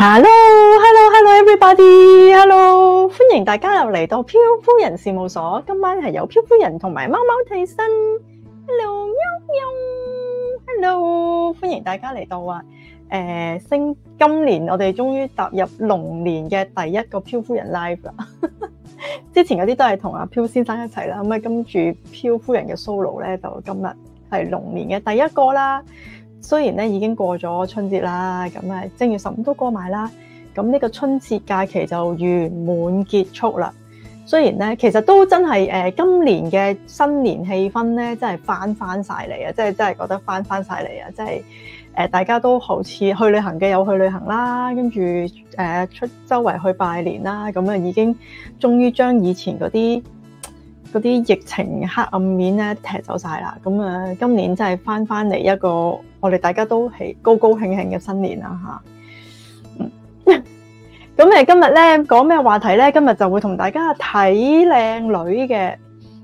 Hello，Hello，Hello，everybody，Hello，歡迎大家又嚟到漂夫人事務所。今晚係有漂夫人同埋貓貓替身。Hello，喵喵，Hello，歡迎大家嚟到啊！誒、呃，星今年我哋終於踏入龍年嘅第一個漂夫人 live 啦。之前嗰啲都係同阿漂先生一齊啦，咁啊跟住漂夫人嘅 solo 咧，就今日係龍年嘅第一個啦。雖然咧已經過咗春節啦，咁啊正月十五都過埋啦，咁呢個春節假期就圓滿結束啦。雖然咧，其實都真係誒、呃、今年嘅新年氣氛咧，真係返返晒嚟啊！即係真係覺得返返晒嚟啊！即係誒大家都好似去旅行嘅有去旅行啦，跟住誒出周圍去拜年啦，咁啊已經終於將以前嗰啲。嗰啲疫情黑暗面咧踢走晒啦，咁啊今年真係返返嚟一個我哋大家都係高高興興嘅新年啦吓，咁 誒今日咧講咩話題咧？今日就會同大家睇靚女嘅，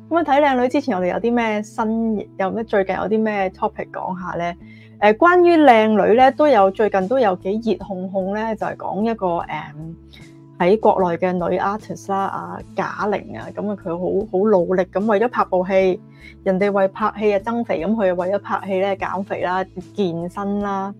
咁啊睇靚女之前我哋有啲咩新，有咩最近有啲咩 topic 講下咧？誒、呃，關於靚女咧都有最近都有幾熱哄哄咧，就係、是、講一個誒，嗯喺國內嘅女 artist 啦，啊，賈玲啊，咁啊，佢好好努力咁，為咗拍部戲，人哋為拍戲啊增肥，咁佢啊為咗拍戲咧減肥啦、健身啦，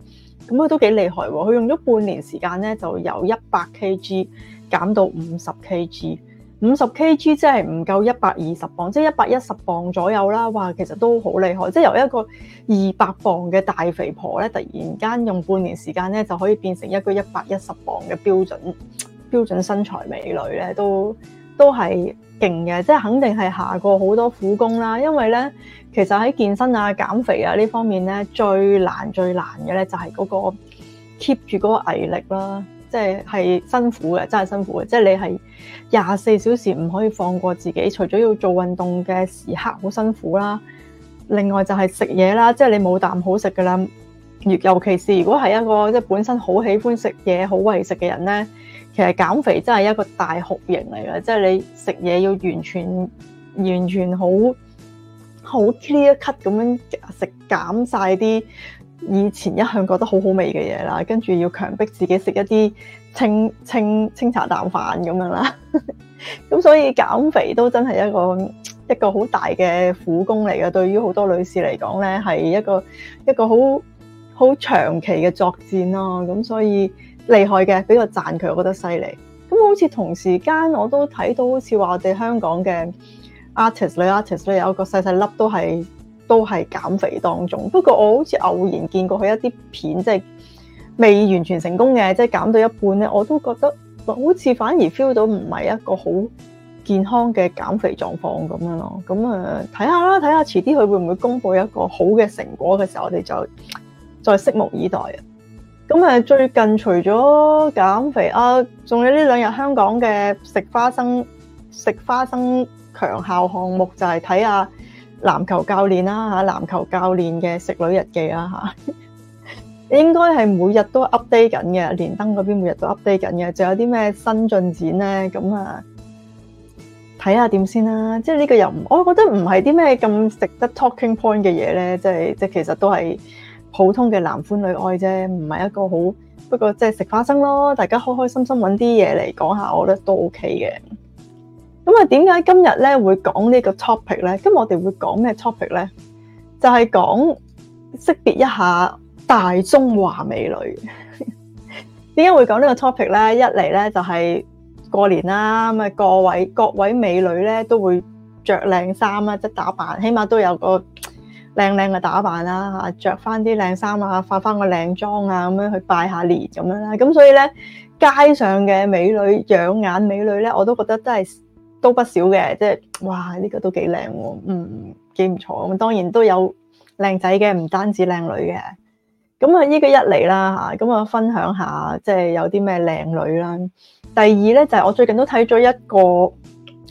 咁佢都幾厲害喎。佢用咗半年時間咧，就由一百 kg 減到五十 kg，五十 kg 即係唔夠一百二十磅，即係一百一十磅左右啦。哇，其實都好厲害，即係由一個二百磅嘅大肥婆咧，突然間用半年時間咧就可以變成一個一百一十磅嘅標準。標準身材美女咧，都都係勁嘅，即係肯定係下過好多苦功啦。因為咧，其實喺健身啊、減肥啊呢方面咧，最難、最難嘅咧就係嗰個 keep 住嗰個毅力啦。即係係辛苦嘅，真係辛苦嘅。即係你係廿四小時唔可以放過自己，除咗要做運動嘅時刻好辛苦啦。另外就係食嘢啦，即係你冇啖好食噶啦。尤其是如果係一個即係本身好喜歡食嘢、好為食嘅人咧。其實減肥真係一個大酷刑嚟嘅，即係你食嘢要完全完全好好 clear cut 咁樣食減晒啲以前一向覺得好好味嘅嘢啦，跟住要強迫自己食一啲清清清茶淡飯咁樣啦。咁 所以減肥都真係一個一個好大嘅苦工嚟嘅，對於好多女士嚟講咧，係一個一個好好長期嘅作戰咯。咁所以。厲害嘅，俾個讚佢，我覺得犀利。咁好似同時間我都睇到，好似話我哋香港嘅 artist 女 artist 咧，有一個細細粒都係都係減肥當中。不過我好似偶然見過佢一啲片，即係未完全成功嘅，即係減到一半咧，我都覺得好似反而 feel 到唔係一個好健康嘅減肥狀況咁樣咯。咁啊，睇下啦，睇下遲啲佢會唔會公布一個好嘅成果嘅時候，我哋就再拭目以待啊！咁啊！最近除咗減肥啊，仲有呢兩日香港嘅食花生、食花生強效項目，就係睇下籃球教練啦吓、啊，籃球教練嘅食女日記啦吓、啊，應該係每日都 update 緊嘅，連登嗰邊每日都 update 緊嘅，仲有啲咩新進展咧？咁啊，睇下點先啦。即係呢個又唔，我覺得唔係啲咩咁值得 talking point 嘅嘢咧，即係即係其實都係。普通嘅男歡女愛啫，唔係一個好不過，即係食花生咯。大家開開心心揾啲嘢嚟講下，我覺得都 OK 嘅。咁啊，點解今日呢會講呢個 topic 呢？咁我哋會講咩 topic 呢？就係、是、講識別一下大中華美女。點 解會講呢個 topic 呢？一嚟呢就係、是、過年啦，咁啊各位各位美女呢都會着靚衫啦，即係打扮，起碼都有個。靚靚嘅打扮啦，吓着翻啲靚衫啊，化翻個靚妝啊，咁樣去拜下年咁樣啦。咁所以咧，街上嘅美女養眼美女咧，我都覺得真係都不少嘅。即係哇，呢、呢個都幾靚喎，嗯，幾唔錯咁。當然都有靚仔嘅，唔單止靚女嘅。咁啊，呢個一嚟啦，吓咁啊，分享下即係、就係、有啲咩靚女啦。第二咧就係、係、我最近都睇咗一個誒、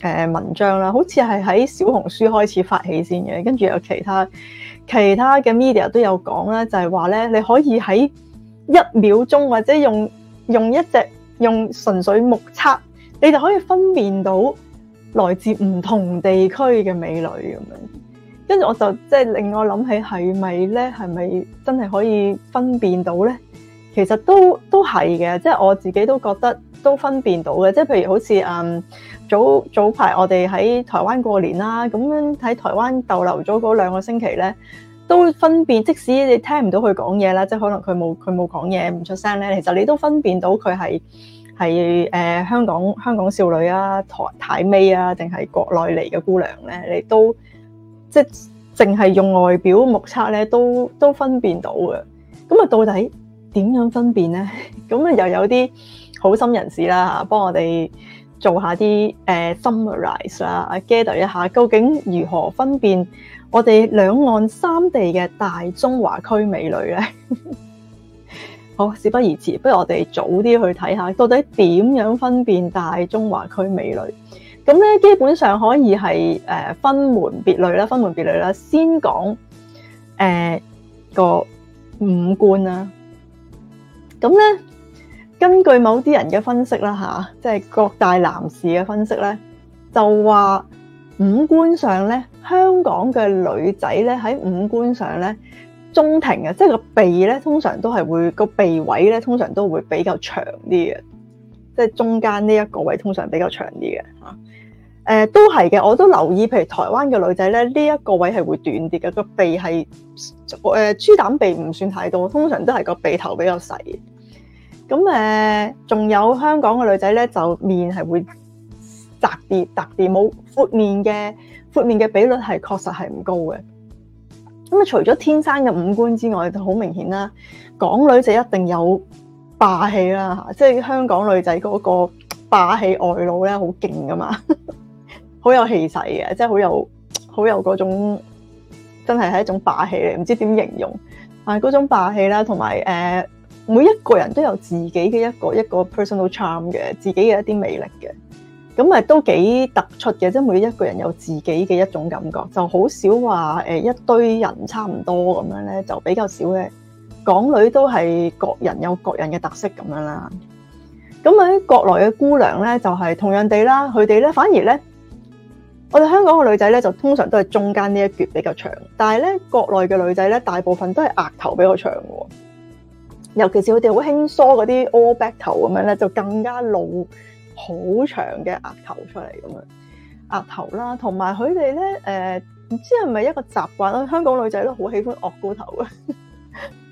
呃、文章啦，好似係喺小紅書開始發起先嘅，跟住有其他。其他嘅 media 都有講啦，就係話咧，你可以喺一秒鐘或者用用一隻用純粹目測，你就可以分辨到來自唔同地區嘅美女咁樣，跟住我就即係令我諗起，係咪咧？係咪真係可以分辨到咧？其實都都係嘅，即係我自己都覺得。都分辨到嘅，即係譬如好似誒、嗯，早早排我哋喺台灣過年啦，咁樣喺台灣逗留咗嗰兩個星期咧，都分辨。即使你聽唔到佢講嘢啦，即係可能佢冇佢冇講嘢，唔出聲咧，其實你都分辨到佢係係誒香港香港少女啊，台台妹啊，定係國內嚟嘅姑娘咧，你都即係淨係用外表目測咧，都都分辨到嘅。咁啊，到底點樣分辨咧？咁啊，又有啲。好心人士啦吓，幫我哋做下啲、呃、summarise 啦，gather 一下，究竟如何分辨我哋兩岸三地嘅大中華區美女咧？ 好，事不宜遲，不如我哋早啲去睇下，到底點樣分辨大中華區美女？咁咧，基本上可以係、呃、分門別類啦，分門別類啦，先講、呃、那個五官啊，咁咧。根據某啲人嘅分析啦，嚇，即係各大男士嘅分析咧，就話五官上咧，香港嘅女仔咧，喺五官上咧，中庭啊，即係個鼻咧，通常都係會個鼻位咧，通常都會比較長啲嘅，即係中間呢一個位通常比較長啲嘅嚇。誒、呃，都係嘅，我都留意，譬如台灣嘅女仔咧，呢、這、一個位係會短啲嘅，個鼻係誒豬膽鼻唔算太多，通常都係個鼻頭比較細。咁誒，仲、呃、有香港嘅女仔咧，就面係會窄啲，特別冇闊面嘅闊面嘅比率係確實係唔高嘅。咁啊，除咗天生嘅五官之外，就好明顯啦，港女就一定有霸氣啦嚇，即、就、係、是、香港女仔嗰個霸氣外露咧，好勁噶嘛，好 有氣勢嘅，即係好有好有嗰種真係係一種霸氣嚟，唔知點形容，但係嗰種霸氣啦，同埋誒。呃每一個人都有自己嘅一個一個 personal charm 嘅，自己嘅一啲魅力嘅，咁啊都幾突出嘅，即係每一個人有自己嘅一種感覺，就好少話誒一堆人差唔多咁樣咧，就比較少嘅，港女都係各人有各人嘅特色咁樣啦。咁喺國內嘅姑娘咧，就係同樣地啦，佢哋咧反而咧，我哋香港嘅女仔咧，就通常都係中間呢一橛比較長，但係咧國內嘅女仔咧，大部分都係額頭比較長嘅。尤其是佢哋好輕梳嗰啲 all back 頭咁樣咧，就更加露好長嘅額頭出嚟咁樣，額頭啦，同埋佢哋咧，誒唔知係咪一個習慣咯？香港女仔都好喜歡惡高頭啊，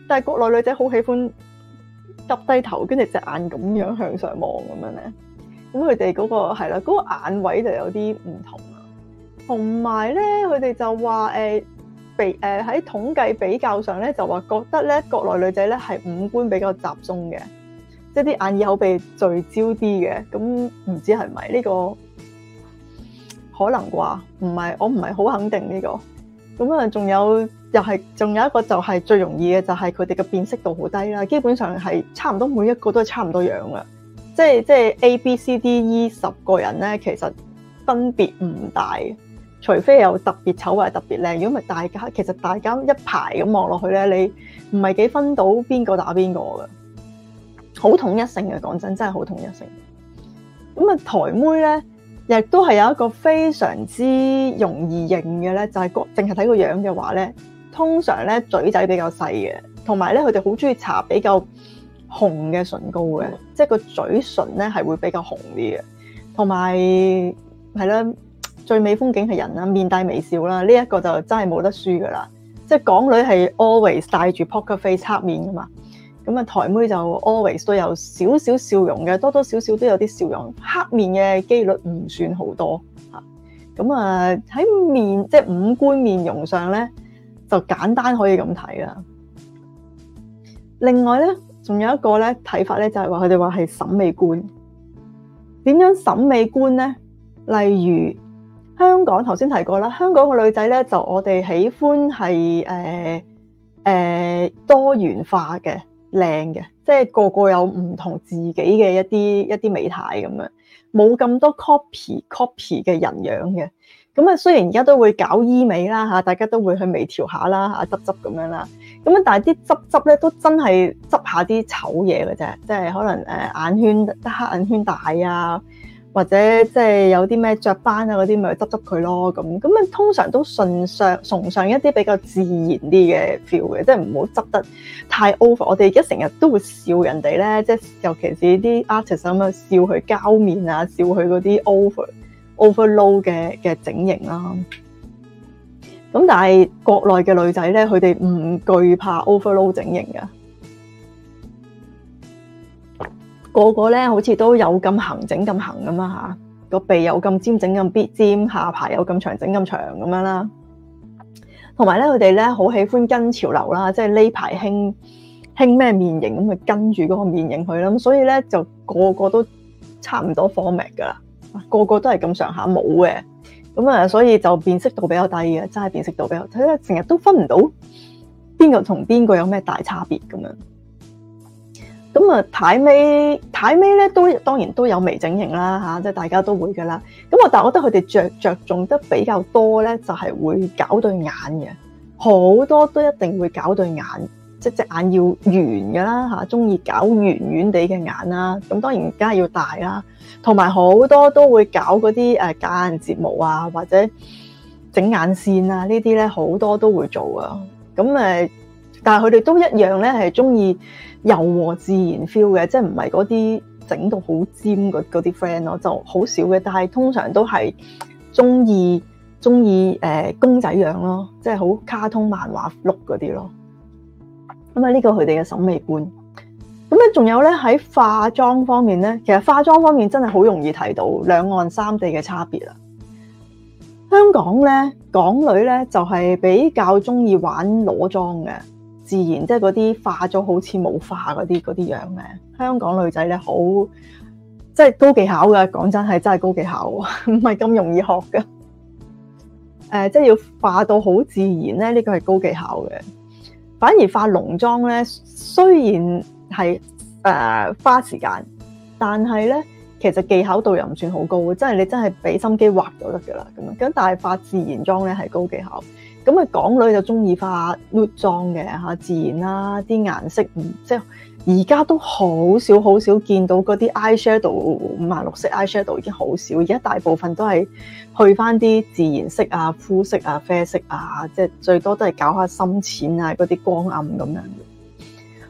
但係國內女仔好喜歡揼低頭，跟住隻眼咁樣向上望咁樣咧。咁佢哋嗰個係啦，嗰個眼位就有啲唔同啊。同埋咧，佢哋就話誒。比誒喺統計比較上咧，就話覺得咧，國內女仔咧係五官比較集中嘅，即係啲眼耳口鼻聚焦啲嘅。咁唔知係咪呢個可能啩？唔係我唔係好肯定呢個。咁啊，仲有又係，仲有一個就係最容易嘅，就係佢哋嘅辨識度好低啦。基本上係差唔多，每一個都係差唔多樣嘅。即係即係 A B C D E 十個人咧，其實分別唔大。除非有特別醜或者特別靚，如果唔係大家其實大家一排咁望落去咧，你唔係幾分到邊個打邊個嘅，好統一性嘅。講真，真係好統一性。咁啊，台妹咧亦都係有一個非常之容易認嘅咧，就係個淨係睇個樣嘅話咧，通常咧嘴仔比較細嘅，同埋咧佢哋好中意搽比較紅嘅唇膏嘅、嗯，即係個嘴唇咧係會比較紅啲嘅，同埋係啦。最美風景係人啦，面帶微笑啦，呢、這、一個就真係冇得輸噶啦。即係港女係 always 帶住 poker face 黑面噶嘛，咁啊台妹就 always 都有少少笑容嘅，多多少少都有啲笑容，黑面嘅機率唔算好多吓。咁啊喺面即係、就是、五官面容上咧，就簡單可以咁睇啦。另外咧，仲有一個咧睇法咧，就係話佢哋話係審美觀。點樣審美觀咧？例如。香港頭先提過啦，香港嘅女仔咧，就我哋喜歡係誒誒多元化嘅靚嘅，即係個個有唔同自己嘅一啲一啲美態咁樣，冇咁多 copy copy 嘅人樣嘅。咁啊，雖然而家都會搞醫美啦嚇，大家都會去微調下啦嚇，執執咁樣啦。咁啊，但係啲執執咧都真係執下啲醜嘢嘅啫，即係可能誒眼圈得黑眼圈大啊。或者即係有啲咩雀斑啊，嗰啲咪去執執佢咯。咁咁啊，通常都崇尚崇尚一啲比較自然啲嘅 feel 嘅，即係唔好執得太 over。我哋而家成日都會笑人哋咧，即係尤其是啲 artist 咁樣，笑佢膠面啊，笑佢嗰啲 over over low 嘅嘅整形啦。咁但係國內嘅女仔咧，佢哋唔懼怕 over low 整形嘅。個個咧好似都有咁行整咁行咁啊，吓，個鼻有咁尖整咁必尖，下排有咁長整咁長咁樣啦。同埋咧，佢哋咧好喜歡跟潮流啦、啊，即係呢排興興咩面型咁啊，跟住嗰個面型去啦。咁、啊、所以咧就個個都差唔多 format 噶啦，個個都係咁上下冇嘅。咁啊，所以就辨識度比較低嘅。真係辨識度比較低，成日都分唔到邊個同邊個有咩大差別咁樣。啊咁啊，台妹台妹咧，都當然都有微整形啦嚇，即係大家都會噶啦。咁啊，但係我覺得佢哋着着重得比較多咧，就係、係、會搞對眼嘅，好多都一定會搞對眼，即係隻眼要圓噶啦嚇，中意搞圓圓地嘅眼啦。咁當然梗係要大啦，同埋好多都會搞嗰啲誒假眼睫毛啊，或者整眼線啊，呢啲咧好多都會做啊。咁誒。但係佢哋都一樣咧，係中意柔和自然 feel 嘅，即係唔係嗰啲整到好尖嗰啲 friend 咯，就好少嘅。但係通常都係中意中意誒公仔樣咯，即係好卡通漫畫 look 嗰啲咯。咁啊，呢個佢哋嘅審美觀。咁咧，仲有咧喺化妝方面咧，其實化妝方面真係好容易提到兩岸三地嘅差別啊。香港咧，港女咧就係比較中意玩裸妝嘅。自然，即係嗰啲化咗好似冇化嗰啲嗰啲樣嘅。香港女仔咧好，即係高技巧嘅。講真係真係高技巧，唔係咁容易學嘅。誒、呃，即係要化到好自然咧，呢個係高技巧嘅。反而化濃妝咧，雖然係誒、呃、花時間，但係咧其實技巧度又唔算好高嘅。即係你真係俾心機畫就得噶啦。咁樣咁，但係化自然妝咧係高技巧。咁啊，港女就中意化裸妝嘅嚇，自然啦、啊，啲顏色唔即係而家都好少好少見到嗰啲 eye shadow 五顏六色 eye shadow，已經好少，而家大部分都係去翻啲自然色啊、膚色啊、啡色啊，即係最多都係搞下深淺啊，嗰啲光暗咁樣。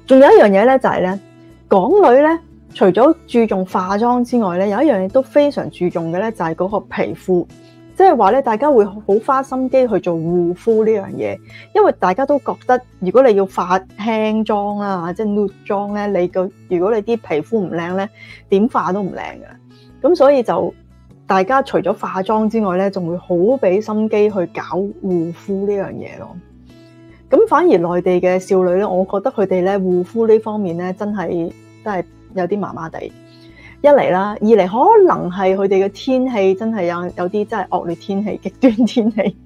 仲有一樣嘢咧，就係、是、咧，港女咧除咗注重化妝之外咧，有一樣嘢都非常注重嘅咧，就係、是、嗰個皮膚。即係話咧，大家會好花心機去做護膚呢樣嘢，因為大家都覺得如果你要化輕妝啦，即係裸妝咧，你個如果你啲皮膚唔靚咧，點化都唔靚㗎。咁所以就大家除咗化妝之外咧，仲會好俾心機去搞護膚呢樣嘢咯。咁反而內地嘅少女咧，我覺得佢哋咧護膚呢這方面咧，真係真係有啲麻麻地。一嚟啦，二嚟可能係佢哋嘅天氣真係有有啲真係惡劣天氣、極端天氣，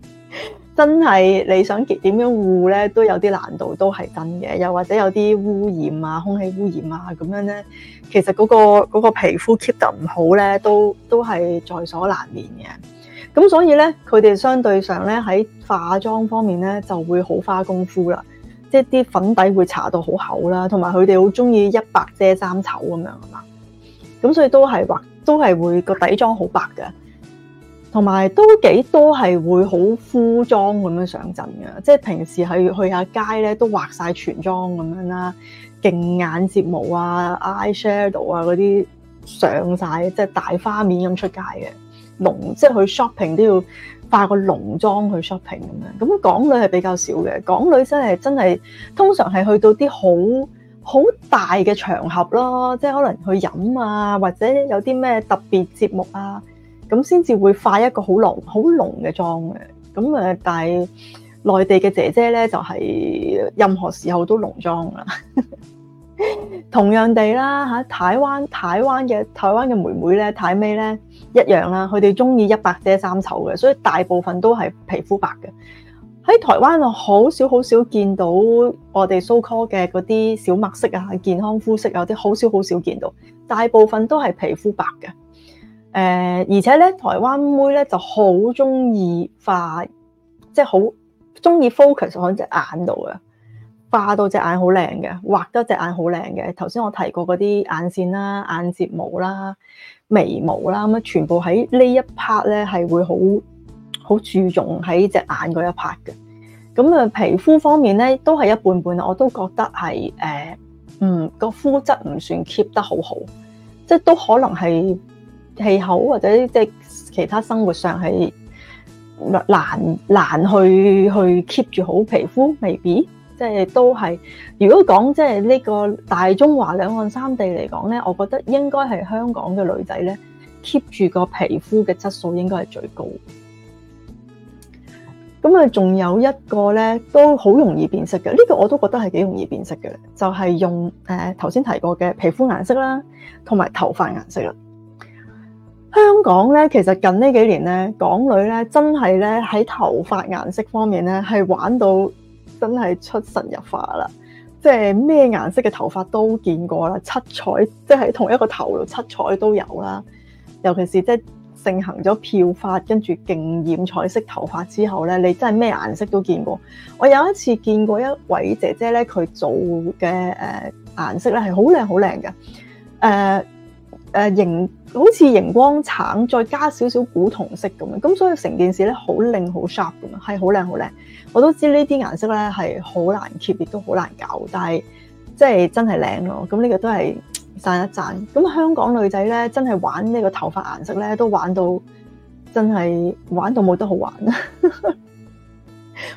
真係你想點樣護咧都有啲難度，都係真嘅。又或者有啲污染啊、空氣污染啊咁樣咧，其實嗰個嗰個皮膚 keep 得唔好咧，都都係在所難免嘅。咁所以咧，佢哋相對上咧喺化妝方面咧就會好花功夫啦，即係啲粉底會搽到好厚啦，同埋佢哋好中意一白遮三醜咁樣，係嘛？咁所以都係畫，都係會個底妝好白嘅，同埋都幾多係會好敷妝咁樣上陣嘅，即係平時去去下街咧都畫晒全妝咁樣啦，勁眼睫毛啊、eye shadow 啊嗰啲上晒，即係大花面咁出街嘅，濃即係去 shopping 都要化個濃妝去 shopping 咁樣。咁港女係比較少嘅，港女真係真係通常係去到啲好。好大嘅場合咯，即係可能去飲啊，或者有啲咩特別節目啊，咁先至會化一個好濃好濃嘅妝嘅。咁誒，但係內地嘅姐姐咧，就係任何時候都濃妝啦。 同樣地啦，嚇台灣台灣嘅台灣嘅妹妹咧，睇咩咧一樣啦，佢哋鍾意一白遮三醜嘅，所以大部分都係皮膚白嘅。喺台灣，我好少好少見到我哋 so called 嘅嗰啲小麥色啊、健康膚色，有啲好少好少見到，大部分都係皮膚白嘅。誒、呃，而且咧，台灣妹咧就好中意化，即係好中意 focus 喺隻眼度嘅，化到隻眼好靚嘅，畫得隻眼好靚嘅。頭先我提過嗰啲眼線啦、眼睫毛啦、眉毛啦，咁全部喺呢一 part 咧係會好。好注重喺隻眼嗰一 part 嘅，咁啊，皮膚方面咧都係一半半，我都覺得係誒、呃，嗯、那個膚質唔算 keep 得好好，即、就、係、是、都可能係氣候或者即係其他生活上係難難去去 keep 住好皮膚，未必，即、就、係、是、都係。如果講即係呢個大中華兩岸三地嚟講咧，我覺得應該係香港嘅女仔咧 keep 住個皮膚嘅質素應該係最高。咁啊，仲有一個咧，都好容易辨識嘅。呢個我都覺得係幾容易辨識嘅，就係用誒頭先提過嘅皮膚顏色啦，同埋頭髮顏色啦。香港咧，其實近呢幾年咧，港女咧真係咧喺頭髮顏色方面咧，係玩到真係出神入化啦。即係咩顏色嘅頭髮都見過啦，七彩即係喺同一個頭度七彩都有啦。尤其是即係。盛行咗漂髮，跟住勁染彩色頭髮之後咧，你真係咩顏色都見過。我有一次見過一位姐姐咧，佢做嘅誒顏色咧係、呃呃、好靚好靚嘅，誒誒熒好似熒光橙，再加少少古銅色咁樣，咁所以成件事咧好靚好 sharp 咁樣，係好靚好靚。我都知呢啲顏色咧係好難 keep，亦都好難搞，但係即係真係靚咯。咁呢個都係。讚一讚，咁香港女仔咧，真係玩呢個頭髮顏色咧，都玩到真係玩到冇得好玩，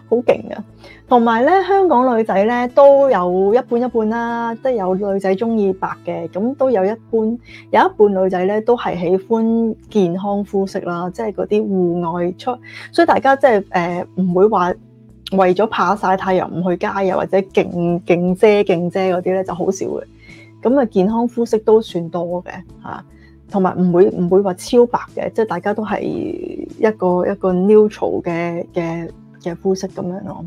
好勁呀！同埋咧，香港女仔咧，都有一半一半啦，即係有女仔中意白嘅，咁都有一半，有一半女仔咧，都係喜歡健康膚色啦，即係嗰啲戶外出，所以大家即係誒，唔，呃，會話為咗怕曬太陽唔去街又或者勁勁遮勁遮嗰啲咧，就好少嘅。咁啊，健康膚色都算多嘅吓，同埋唔會唔會話超白嘅，即、就、係、是、大家都係一個一個 neutral 嘅嘅嘅膚色咁樣咯。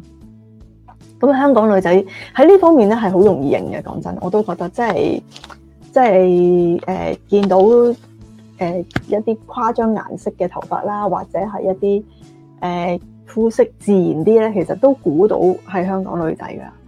咁香港女仔喺呢方面咧，係好容易認嘅。講真，我都覺得即係即係誒，見到誒、呃、一啲誇張顏色嘅頭髮啦，或者係一啲誒、呃、膚色自然啲咧，其實都估到係香港女仔噶。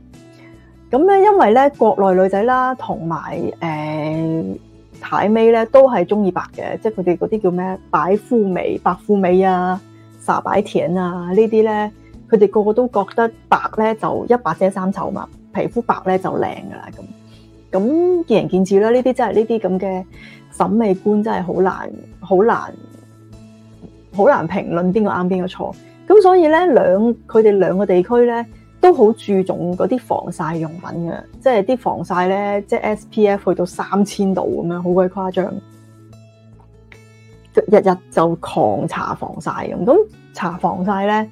咁咧，因為咧，國內女仔啦，同埋誒台妹咧，都係中意白嘅，即係佢哋嗰啲叫咩，白富美、白富美啊，傻白甜啊，這些呢啲咧，佢哋個個都覺得白咧就一白遮三醜嘛，皮膚白咧就靚㗎喇，咁咁見仁見智啦。呢啲真係呢啲咁嘅審美觀真係好難，好難，好難評論邊個啱邊個錯。咁所以咧，兩佢哋兩個地區咧，都好注重嗰啲防曬用品嘅，即係啲防曬咧，即係 SPF 去到三千度咁樣，好鬼誇張。日日就狂搽防曬咁，咁搽防曬咧，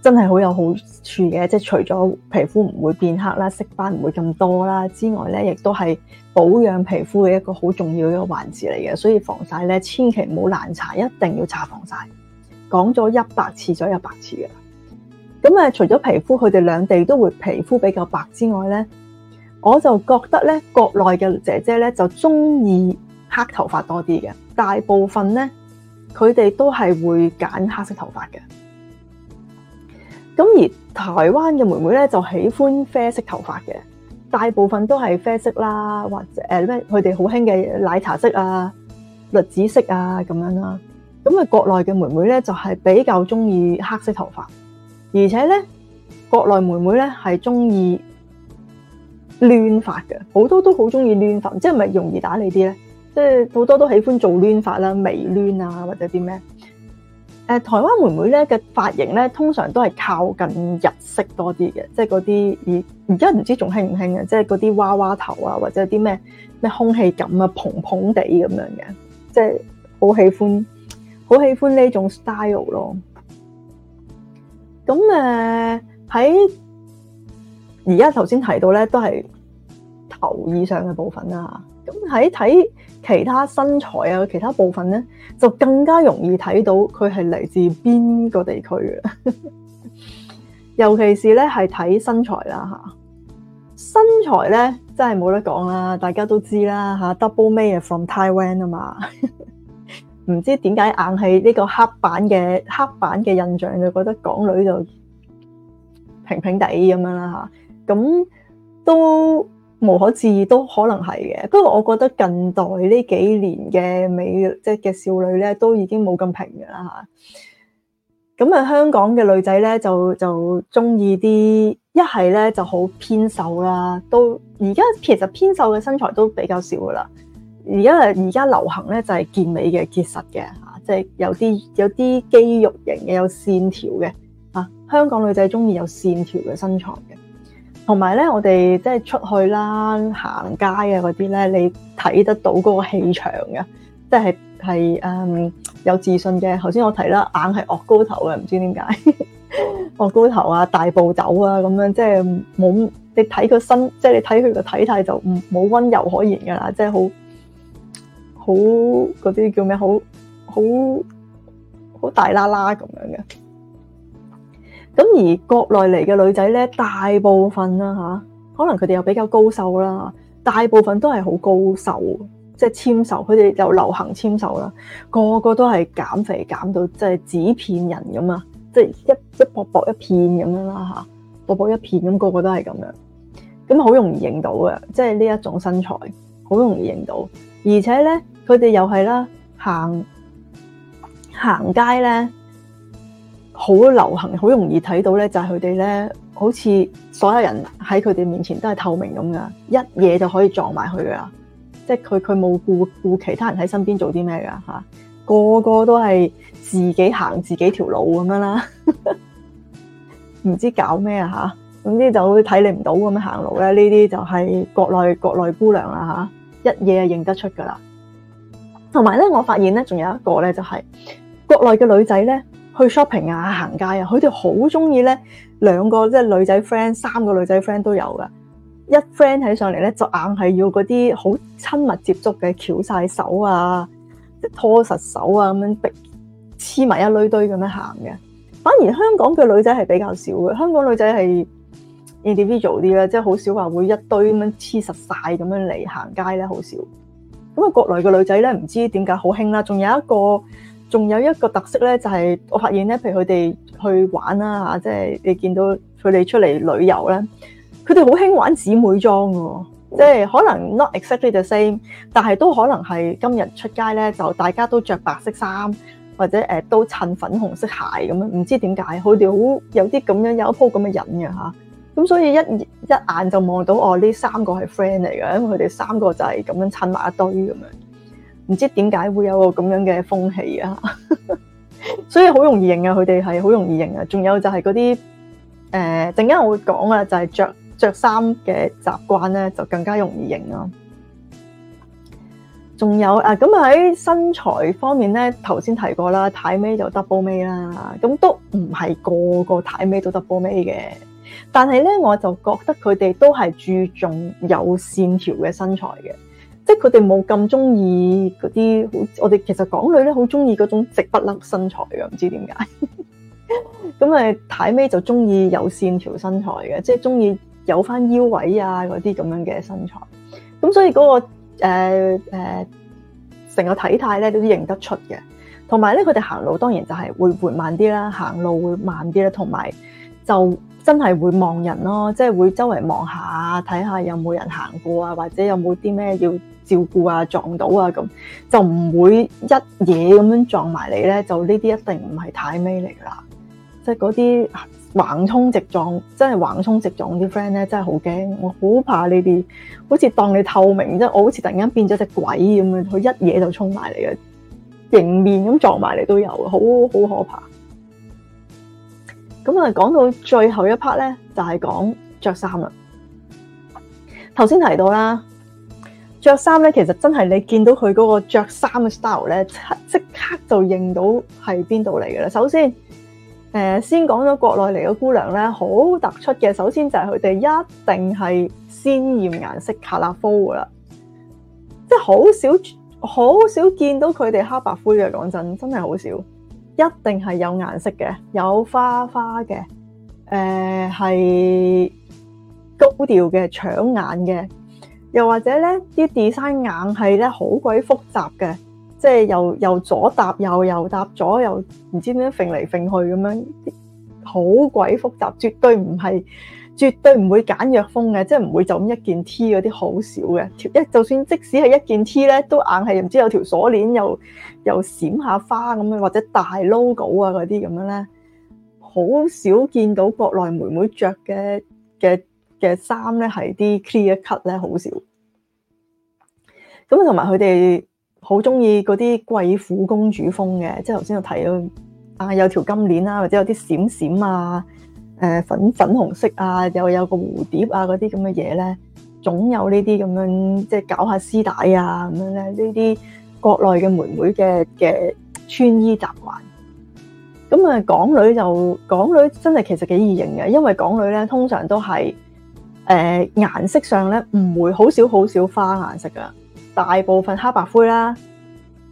真係好有好處嘅。即係除咗皮膚唔會變黑啦、色斑唔會咁多啦之外咧，亦都係保養皮膚嘅一個好重要嘅一個環節嚟嘅。所以防曬咧，千祈唔好懶搽，一定要搽防曬。講咗一百次再一百次嘅。咁啊，除咗皮膚，佢哋兩地都會皮膚比較白之外咧，我就覺得咧，國內嘅姐姐咧就中意黑頭髮多啲嘅。大部分咧，佢哋都係會揀黑色頭髮嘅。咁而台灣嘅妹妹咧就喜歡啡色頭髮嘅，大部分都係啡色啦，或者誒咩，佢哋好興嘅奶茶色啊、栗子色啊咁樣啦。咁啊，國內嘅妹妹咧就係比較中意黑色頭髮。而且咧，國內妹妹咧係中意攣髮嘅，好多都好中意攣髮，即係咪容易打理啲咧？即係好多都喜歡做攣髮啦，微攣啊或者啲咩？誒、呃，台灣妹妹咧嘅髮型咧，通常都係靠近日式多啲嘅，即係嗰啲而而家唔知仲興唔興啊！即係嗰啲娃娃頭啊，或者啲咩咩空氣感啊，蓬蓬地咁樣嘅，即係好喜歡好喜歡呢種 style 咯。咁誒喺而家頭先提到咧，都係頭以上嘅部分啦。咁喺睇其他身材啊，其他部分咧，就更加容易睇到佢係嚟自邊個地區嘅。尤其是咧，係睇身材啦嚇，身材咧真係冇得講啦，大家都知啦嚇。Double May 係 from Taiwan 啊嘛。唔知點解硬係呢個黑板嘅黑板嘅印象，就覺得港女就平平哋咁樣啦吓，咁都無可置疑，都可能係嘅。不過我覺得近代呢幾年嘅美即係嘅少女咧，都已經冇咁平嘅啦吓，咁啊，香港嘅女仔咧就就中意啲一係咧就好偏瘦啦，都而家其實偏瘦嘅身材都比較少噶啦。而家而家流行咧就係健美嘅、結實嘅嚇，即係有啲有啲肌肉型嘅，有線條嘅嚇、啊。香港女仔中意有線條嘅身材嘅，同埋咧，我哋即係出去啦、行街啊嗰啲咧，你睇得到嗰個氣場嘅，即係係誒有自信嘅。頭先我提啦，硬係惡高頭啊，唔知點解惡高頭啊、大步走啊咁樣，即係冇你睇佢身，即係你睇佢個體態就唔冇溫柔可言噶啦，即係好。好嗰啲叫咩？好好好大啦啦咁樣嘅。咁而國內嚟嘅女仔咧，大部分啦嚇可能佢哋又比較高瘦啦，大部分都係好高瘦，即係纖瘦。佢哋就流行纖瘦啦，個個都係減肥減到即係紙片人咁啊！即係一一薄薄一片咁樣啦嚇，薄薄一片咁，個個都係咁樣。咁好容易認到嘅，即係呢一種身材，好容易認到。而且咧。佢哋又係啦，行行街呢，好流行，好容易睇到呢。就係佢哋呢，好似所有人喺佢哋面前都係透明咁㗎，一嘢就可以撞埋佢㗎，即係佢佢冇顧顧其他人喺身邊做啲咩㗎？嚇，個個都係自己行自己條路咁樣啦，唔知搞咩呀。嚇、啊，總之就看不到的走路這些就睇你唔到咁行路咧。呢啲就係國內國內姑娘啦嚇、啊，一嘢就認得出㗎啦。同埋咧，我發現咧，仲有一個咧，就係、是、國內嘅女仔咧，去 shopping 啊、行街啊，佢哋好中意咧兩個即係、就是、女仔 friend，三個女仔 friend 都有噶。一 friend 喺上嚟咧，就硬係要嗰啲好親密接觸嘅，翹晒手啊，即拖實手啊咁樣逼黐埋一堆堆咁樣行嘅。反而香港嘅女仔係比較少嘅，香港嘅女仔係 individual 啲啦，即係好少話會一堆咁樣黐實晒咁樣嚟行街咧，好少。咁啊，國內嘅女仔咧，唔知點解好興啦。仲有一個，仲有一個特色咧，就係我發現咧，譬如佢哋去玩啦嚇，即係你見到佢哋出嚟旅遊咧，佢哋好興玩姊妹裝嘅喎，即係可能 not exactly the same，但係都可能係今日出街咧，就大家都着白色衫，或者誒都襯粉紅色鞋咁樣，唔知點解佢哋好有啲咁樣有一鋪咁嘅人嘅嚇。咁所以一一眼就望到哦，呢三個係 friend 嚟嘅，因為佢哋三個就係咁樣襯埋一堆咁樣，唔知點解會有個咁樣嘅風氣啊。 所以好容易認啊，佢哋係好容易認啊。仲有就係嗰啲誒，陣、呃、間我會講啊，就係、是、着著衫嘅習慣咧，就更加容易認咯。仲有啊，咁喺、啊、身材方面咧，頭先提過啦，太尾就 double 尾啦，咁都唔係個個太尾都 double 尾嘅。但係咧，我就覺得佢哋都係注重有線條嘅身材嘅，即係佢哋冇咁中意嗰啲，我哋其實港女咧好中意嗰種直不甩身材嘅，唔知點解，咁 啊，太尾就中意有線條身材嘅，即係中意有翻腰位啊嗰啲咁樣嘅身材，咁所以嗰、嗰個誒誒成個體態咧都認得出嘅，同埋咧佢哋行路當然就係會緩慢啲啦，行路會慢啲啦，同埋就。真係會望人咯，即係會周圍望下，睇下有冇人行過啊，或者有冇啲咩要照顧啊、撞到啊咁，就唔會一嘢咁樣撞埋你咧。就呢啲一定唔係太美嚟啦。即係嗰啲橫衝直撞，真係橫衝直撞。啲 friend 咧真係好驚，我好怕呢啲，好似當你透明，即係我好似突然間變咗隻鬼咁樣，佢一嘢就衝埋嚟嘅，迎面咁撞埋嚟都有，好好可怕。咁啊，講到最後一 part 咧，就係、是、講着衫啦。頭先提到啦，着衫咧，其實真係你見到佢嗰個着衫嘅 style 咧，即刻就認到係邊度嚟嘅啦。首先，誒、呃，先講咗國內嚟嘅姑娘咧，好突出嘅。首先就係佢哋一定係鮮艷顏色 colorful 噶啦，即係好少好少見到佢哋黑白灰嘅。講真，真係好少。一定係有顏色嘅，有花花嘅，誒，係高調嘅、搶眼嘅，又或者咧啲 design 硬係咧好鬼複雜嘅，即係又又左搭又又搭右又唔知點樣揈嚟揈去咁樣，好鬼複雜，絕對唔係。絕對唔會簡約風嘅，即係唔會就咁一件 T 嗰啲好少嘅。一就算即使係一件 T 咧，都硬係唔知有條鎖鏈又又閃下花咁樣，或者大 logo 啊嗰啲咁樣咧，好少見到國內妹妹着嘅嘅嘅衫咧，係啲 clear cut 咧好少。咁同埋佢哋好中意嗰啲貴婦公主風嘅，即係頭先我睇到啊，有條金鏈啊，或者有啲閃閃啊。誒、呃、粉粉紅色啊，又有個蝴蝶啊，嗰啲咁嘅嘢咧，總有呢啲咁樣即係搞下絲帶啊，咁樣咧呢啲國內嘅妹妹嘅嘅穿衣習慣。咁啊，港女就港女真係其實幾易型嘅，因為港女咧通常都係誒顏色上咧唔會好少好少花顏色嘅，大部分黑白灰啦，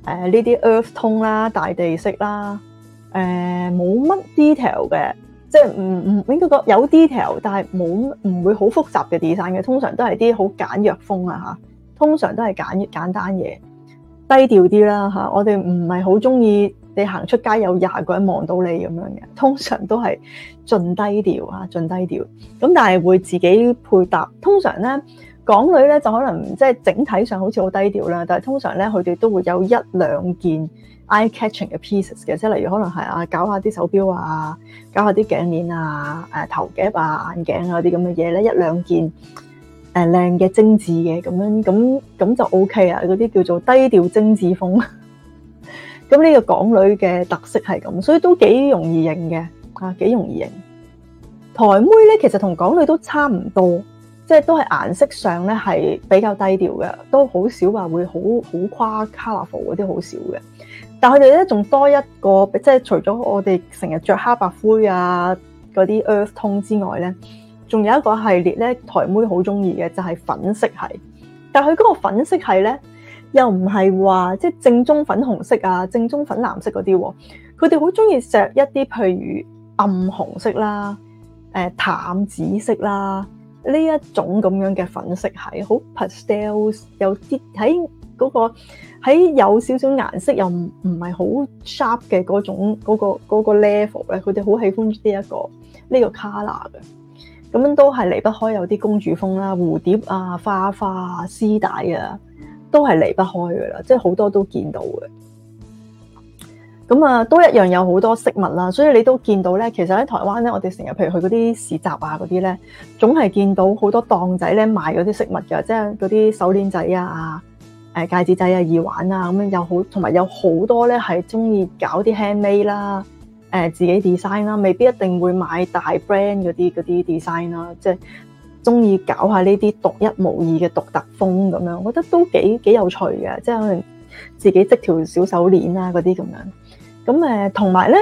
誒呢啲 earth tone 啦、大地色啦，誒冇乜 detail 嘅。即係唔唔應該講有 detail，但係冇唔會好複雜嘅 design 嘅，通常都係啲好簡約風啊嚇，通常都係簡簡單嘢，低調啲啦嚇。我哋唔係好中意你行出街有廿個人望到你咁樣嘅，通常都係盡低調啊，盡低調。咁但係會自己配搭，通常咧。港女咧就可能即係整體上好似好低調啦，但係通常咧佢哋都會有一兩件 eye-catching 嘅 pieces 嘅，即係例如可能係啊搞下啲手錶啊，搞下啲頸鏈啊，誒頭夾啊、眼鏡啊啲咁嘅嘢咧，一兩件誒靚嘅精緻嘅咁樣咁咁就 OK 啊，嗰啲叫做低調精緻風。咁呢個港女嘅特色係咁，所以都幾容易認嘅啊，幾容易認。台妹咧其實同港女都差唔多。即係都係顏色上咧係比較低調嘅，都好少話會好好誇 colorful 嗰啲，好少嘅。但係佢哋咧仲多一個，即係除咗我哋成日着黑白灰啊嗰啲 earth tone 之外咧，仲有一個系列咧，台妹好中意嘅就係、是、粉色系。但係佢嗰個粉色係咧，又唔係話即係正宗粉紅色啊、正宗粉藍色嗰啲喎。佢哋好中意着一啲譬如暗紅色啦、誒、呃、淡紫色啦。呢一種咁樣嘅粉色係好 pastels，有啲喺嗰個喺有少少顏色又唔唔係好 sharp 嘅嗰種嗰個嗰個 level 咧，佢哋好喜歡呢一個呢個 color 嘅，咁樣都係離不開有啲公主風啦，蝴蝶啊、花花啊、絲帶啊，都係離不開噶啦，即係好多都見到嘅。咁啊，都一樣有好多飾物啦，所以你都見到咧。其實喺台灣咧，我哋成日譬如去嗰啲市集啊，嗰啲咧，總係見到好多檔仔咧賣嗰啲飾物嘅，即係嗰啲手鏈仔啊、誒戒指仔啊、耳環啊咁樣，有好同埋有好多咧係中意搞啲 hand made 啦、誒、自己 design 啦，未必一定會買大 brand 嗰啲嗰啲 design 啦，即係中意搞下呢啲獨一無二嘅獨特風咁樣，我覺得都幾幾有趣嘅，即係可能自己織條小手鏈啊嗰啲咁樣。咁誒，同埋咧，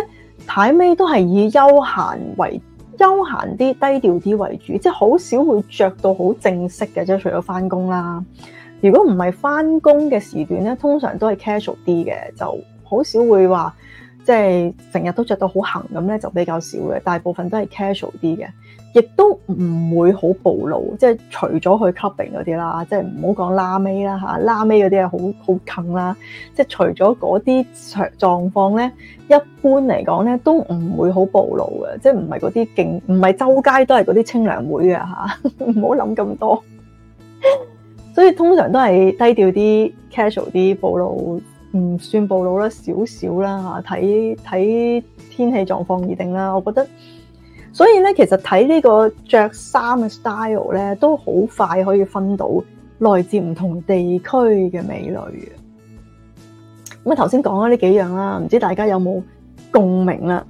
台妹都係以休閒為休閒啲、低調啲為主，即係好少會着到好正式嘅，即係除咗翻工啦。如果唔係翻工嘅時段咧，通常都係 casual 啲嘅，就好少會話即係成日都着到好行咁咧，就比較少嘅。大部分都係 casual 啲嘅。亦都唔會好暴露，即係除咗去 clubbing 嗰啲啦，即係唔好講拉美啦嚇，拉美嗰啲係好好近啦，即係除咗嗰啲狀況咧，一般嚟講咧都唔會好暴露嘅，即係唔係嗰啲勁，唔係周街都係嗰啲清涼會嘅嚇，唔好諗咁多。所以通常都係低調啲、casual 啲，暴露唔算暴露小小啦，少少啦嚇，睇睇天氣狀況而定啦，我覺得。所以咧，其實睇呢個着衫嘅 style 咧，都好快可以分到來自唔同地區嘅美女嘅。咁啊，頭先講咗呢幾樣啦，唔知大家有冇共鳴啦？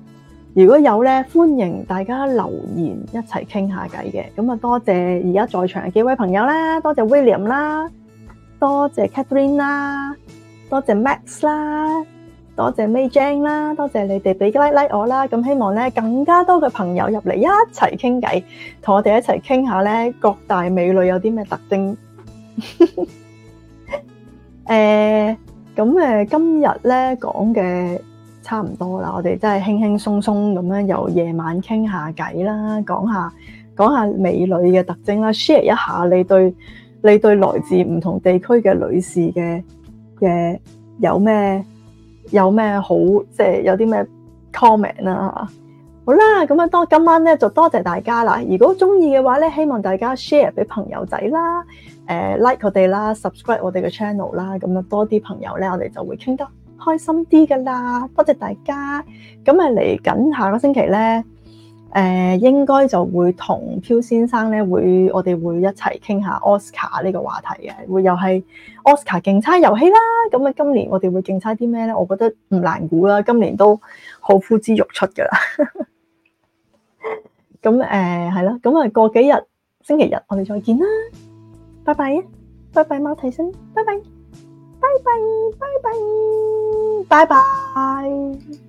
如果有咧，歡迎大家留言一齊傾下偈嘅。咁啊，多謝而家在，在場嘅幾位朋友啦，多謝 William 啦，多謝 Catherine 啦，多謝 Max 啦。多謝 May Jane 啦，多謝你哋俾個 like like 我啦，咁希望咧更加多嘅朋友入嚟一齊傾偈，同我哋一齊傾下咧各大美女有啲咩特徵？誒、 呃，咁誒今日咧講嘅差唔多啦，我哋真係輕輕鬆鬆咁樣由夜晚傾下偈啦，講下講下美女嘅特徵啦，share 一下你對你對來自唔同地區嘅女士嘅嘅有咩？有咩好即係、就是、有啲咩 comment 啦、啊？好啦，咁樣多今晚咧就多謝大家啦！如果中意嘅話咧，希望大家 share 俾朋友仔啦，誒、呃、like 佢哋啦，subscribe 我哋嘅 channel 啦，咁樣多啲朋友咧，我哋就會傾得開心啲噶啦！多謝大家，咁啊嚟緊下個星期咧。誒、呃、應該就會同漂先生咧，會我哋會一齊傾下 Oscar 呢個話題嘅，會又係 Oscar 競猜遊戲啦。咁啊，今年我哋會競猜啲咩咧？我覺得唔難估啦。今年都好呼之欲出噶啦。咁誒係啦。咁、呃、啊，過幾日星期日我哋再見啦。拜拜，拜拜，貓提聲，拜拜，拜拜，拜拜，拜拜。